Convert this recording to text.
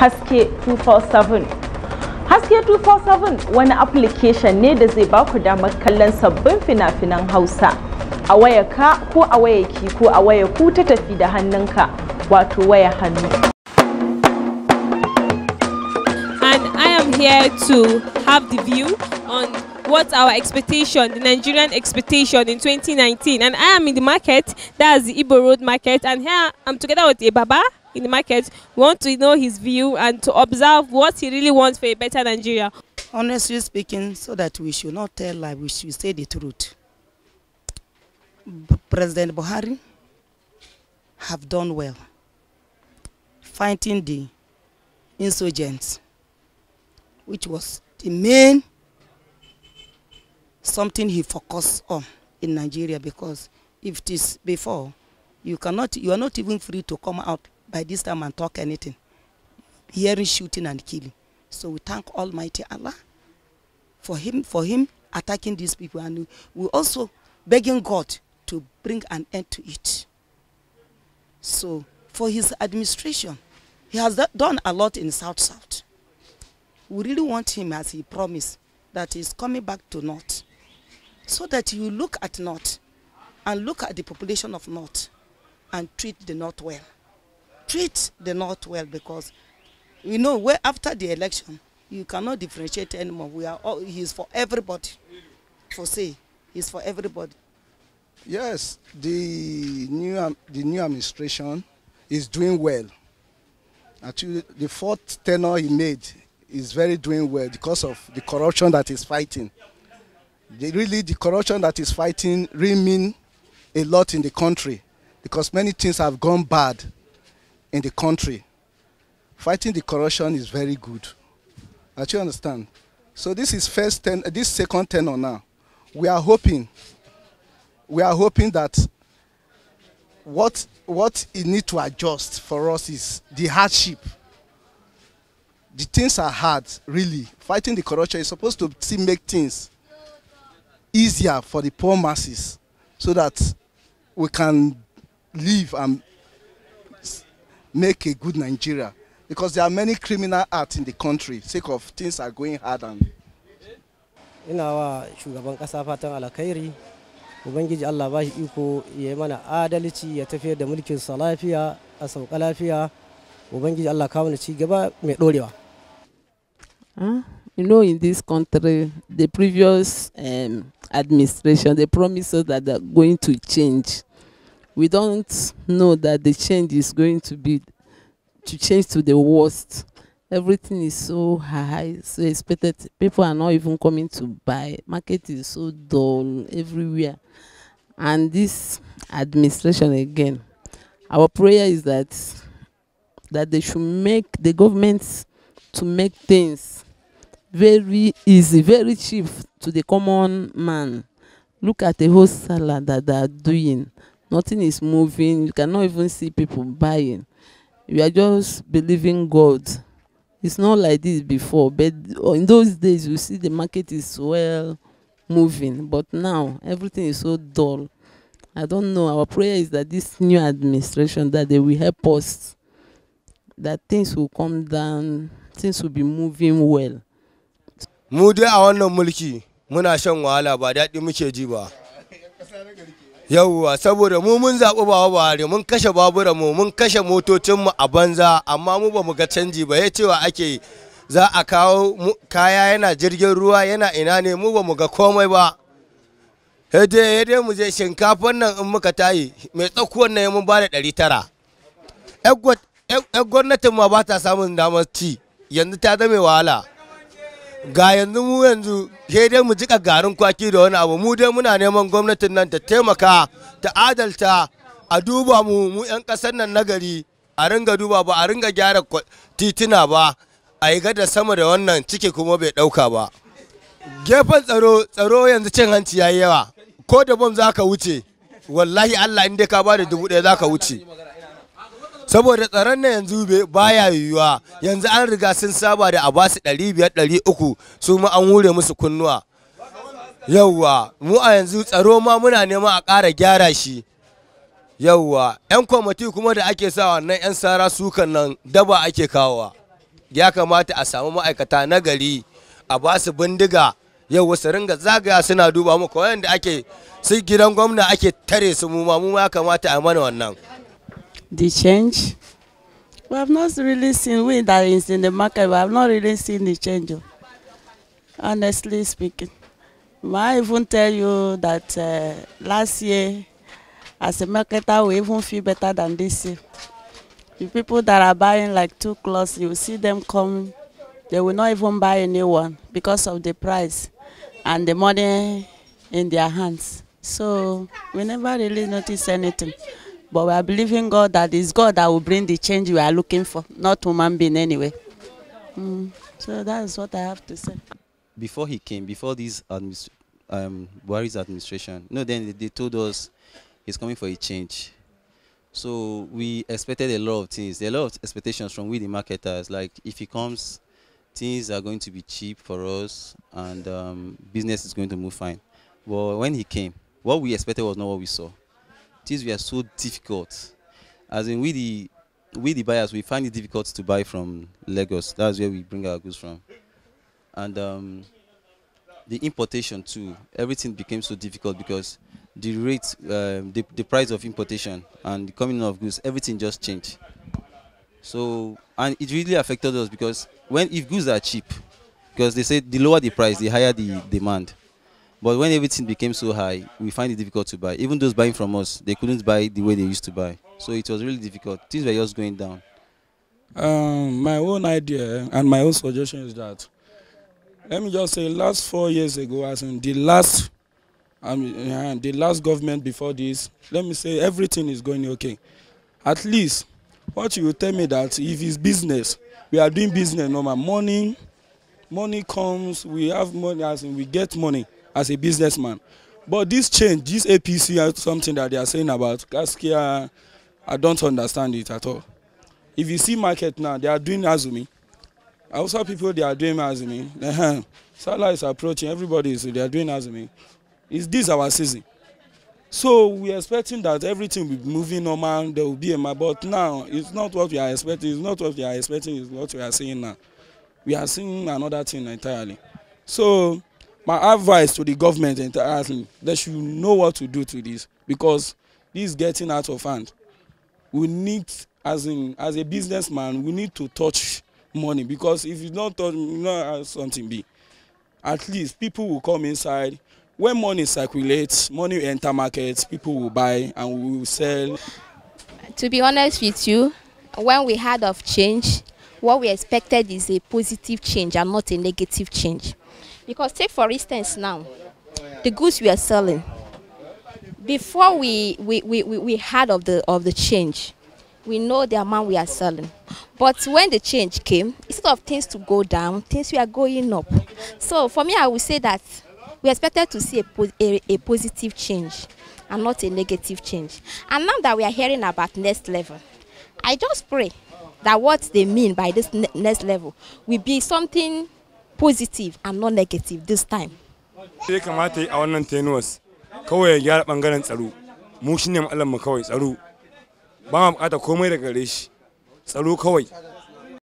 haske 247 haske 247 wani application ne da zai baku damar kallon sabbin fina-finan hausa a wayarka ko a wayarki ko a wayarku ta tafi da hannunka wato hannu and i am here to have the view on what our expectation, the Nigerian expectation in 2019. And I am in the market, that's the Ibo Road Market, and here I'm together with Ebaba in the market. We want to know his view and to observe what he really wants for a better Nigeria. Honestly speaking, so that we should not tell lies, we should say the truth. President Buhari have done well fighting the insurgents, which was the main something he focused on in Nigeria because if it is before, you cannot, you are not even free to come out by this time and talk anything. Hearing shooting and killing. So we thank Almighty Allah for him, for him attacking these people. And we also begging God to bring an end to it. So for his administration, he has done a lot in South South. We really want him as he promised that he's coming back to North. So that you look at North and look at the population of North and treat the North well treat the North well because we know where after the election you cannot differentiate anymore. We are all, he's for everybody. For say, he's for everybody. Yes, the new um, the new administration is doing well. Actually, the fourth tenor he made is very doing well because of the corruption that is fighting. The, really, the corruption that is fighting really means a lot in the country because many things have gone bad in the country. Fighting the corruption is very good. As you understand? So this is first ten, this second tenor now. We are hoping, we are hoping that what what it need to adjust for us is the hardship. The things are hard, really. Fighting the corruption is supposed to make things easier for the poor masses so that we can live and make a good Nigeria because there are many criminal acts in the country sake of things are going hard and ina wa shugaban kasa fatan alkhairi ubangiji Allah ba shi iko ya yi mana adalci ya tafiyar da mulkin sa lafiya a sauka lafiya ubangiji Allah kawo ci gaba mai dorewa ah, you know in this country the previous um, administration they promised us that they're going to change we don't know that the change is going to be to change to the worst everything is so high so expected people are not even coming to buy market is so dull everywhere and this administration again our prayer is that that they should make the government to make things very easy very cheap to the common man look at the whole salad that they are doing nothing is moving you cannot even see people buying you are just believing God it's not like this before but in those days you see the market is well moving but now everything is so dull I don't know our prayer is that this new administration that they will help us that things will come down things will be moving well. mu dai a wannan mulki muna shan wahala ba daɗi muke ji ba. yawwa saboda mu mun zaɓi ba buhari mun kashe babura mu mun kashe motocin mu a banza amma mu ba mu ga canji ba ya cewa ake za a kawo kaya yana jirgin ruwa yana ina ne mu ba mu ga komai ba hede hede mu je shinkafan nan in muka tayi mai tsakuwan nan mun bada ɗari tara yan gwamnatin ma ba ta samun damar ci yanzu ta zame wahala ga yanzu mu yanzu sai dai mu jika garin kwaki da wani abu mu dai muna neman gwamnatin nan ta taimaka ta adalta a duba mu mu 'yan kasar nan na gari a ringa duba ba a ringa gyara titina ba a yi gada sama da wannan ciki kuma bai ɗauka ba gefen tsaro tsaro yanzu cin hanci yayi yawa ko da bom za ka wuce wallahi allah in dai ka bada dubu ɗaya zaka wuce saboda tsaron na yanzu baya yiwuwa yanzu an riga sun saba da a basu ɗari biyar ɗari su ma an hure musu kunnuwa yauwa mu a yanzu tsaro ma muna nema a ƙara gyara shi yauwa 'yan kwamati kuma da ake sa wannan 'yan sara sukan nan daba ake kawowa ya kamata a samu ma'aikata na gari a ba bindiga yau wasu ringa zagaya suna duba mu kawai da ake su gidan gwamna ake tare su mu ma mu ya kamata a mana wannan the change. We have not really seen, we that is in the market, we have not really seen the change. Oh. Honestly speaking. I even tell you that uh, last year, as a marketer, we even feel better than this year. The people that are buying like two clothes, you see them come; They will not even buy a new one because of the price and the money in their hands. So we never really notice anything. But we are believing God that it's God that will bring the change we are looking for, not human being anyway. Mm. So that is what I have to say. Before he came, before this administ um, Buhari's administration, no, then they told us he's coming for a change. So we expected a lot of things, a lot of expectations from we the marketers. Like if he comes, things are going to be cheap for us and um, business is going to move fine. But when he came, what we expected was not what we saw things were so difficult. As in, we the we the buyers we find it difficult to buy from Lagos. That's where we bring our goods from, and um, the importation too. Everything became so difficult because the rate, uh, the the price of importation and the coming of goods, everything just changed. So and it really affected us because when if goods are cheap, because they say the lower the price, the higher the demand. But when everything became so high, we find it difficult to buy. Even those buying from us, they couldn't buy the way they used to buy. So it was really difficult. Things were just going down. Um, my own idea eh, and my own suggestion is that, let me just say, last four years ago, as in the last, I mean, the last government before this, let me say everything is going okay. At least, what you tell me that if it's business, we are doing business normal. Money, money comes, we have money, as in we get money as a businessman. But this change, this APC, something that they are saying about Gaskia, I don't understand it at all. If you see market now, they are doing Azumi. also people, they are doing Azumi. Salah is approaching, everybody is, they are doing Azumi. Is this our season? So we are expecting that everything will be moving normal, there will be a map, but now it's not what we are expecting, it's not what we are expecting, it's what we are seeing now. We are seeing another thing entirely. So my advice to the government entirely they should know what to do to this because this is getting out of hand we need as in as a businessman we need to touch money because if you don't touch you know how something be at least people will come inside when money circulates money enter markets, people will buy and we will sell. to be honest with you when we heard of change what we expected is a positive change and not a negative change Because take for instance now, the goods we are selling. Before we, we, we, we, we heard of the of the change, we know the amount we are selling. But when the change came, instead of things to go down, things we are going up. So for me, I would say that we expected to see a, a, a positive change and not a negative change. And now that we are hearing about next level, I just pray that what they mean by this next level will be something positive and not negative this time ya kamata a wannan tenuwas kawai ya gyara bangaren tsaro mu shine mu kawai tsaro ba ma bukata komai daga gare shi tsaro kawai